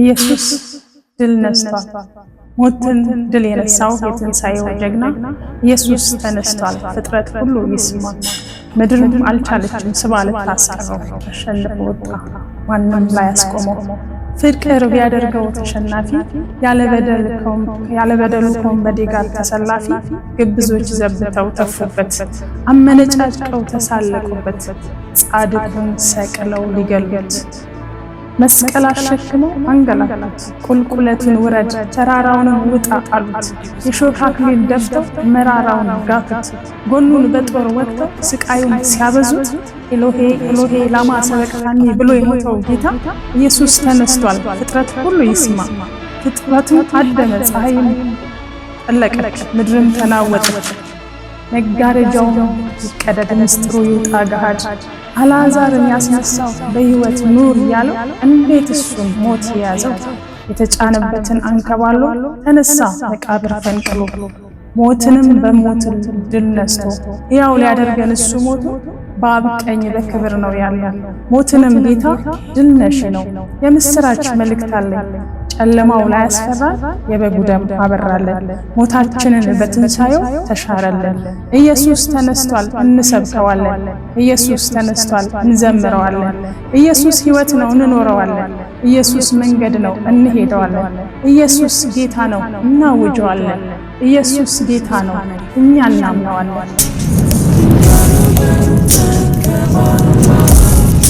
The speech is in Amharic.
ኢየሱስ ድል ነስቷል። ሞትን ድል የነሳው የትንሣኤው ጀግና ኢየሱስ ተነስቷል። ፍጥረት ሁሉ ይስማ። ምድርም አልቻለችም ስባለት ታስቀረው ተሸንፎ ወጣ፣ ማንም ላይ ፍቅር ቢያደርገው ተሸናፊ ያለበደሉ ከወንበዴ ጋር ተሰላፊ ግብዞች ዘብተው ተፉበት፣ አመነጫጭቀው ተሳለቁበት፣ ጻድቁን ሰቅለው ሊገልገሉት መስቀል አሸክመው አንገላቱት። ቁልቁለቱን ውረድ፣ ተራራውንም ውጣ አሉት። የሾህ አክሊል ደፍተው መራራውን ጋቱት። ጎኑን በጦር ወቅተው ስቃዩን ሲያበዙት ኤሎሄ ኤሎሄ ላማ ሰበቅታኒ ብሎ የሞተው ጌታ ኢየሱስ ተነስቷል፣ ፍጥረት ሁሉ ይስማ። ፍጥረቱም አደመ፣ ፀሐይም ጠለቀች፣ ምድርም ተናወጠች። መጋረጃውን ይቀደድ፣ ምስጢሩ ይውጣ ገሃድ። አልዓዛርን ያስነሳው በሕይወት ኑር ያለው እንዴት እሱን ሞት የያዘው? የተጫነበትን አንከባሎ ተነሳ መቃብር ፈንቅሎ፣ ሞትንም በሞት ድል ነስቶ ያው ሊያደርገን እሱ ሞቱ በአብ ቀኝ በክብር ነው ያለ። ሞትንም ጌታ ድል ነሺ ነው። የምስራች መልእክት አለኝ ጨለማው ላይ ያስፈራ የበጉ ደም አበራለን፣ ሞታችንን በትንሣኤው ተሻረለን። ኢየሱስ ተነስቷል እንሰብከዋለን፣ ኢየሱስ ተነስቷል እንዘምረዋለን። ኢየሱስ ሕይወት ነው እንኖረዋለን። ኢየሱስ መንገድ ነው እንሄደዋለን። ኢየሱስ ጌታ ነው እናውጀዋለን። ኢየሱስ ጌታ ነው እኛ እናምነዋለን።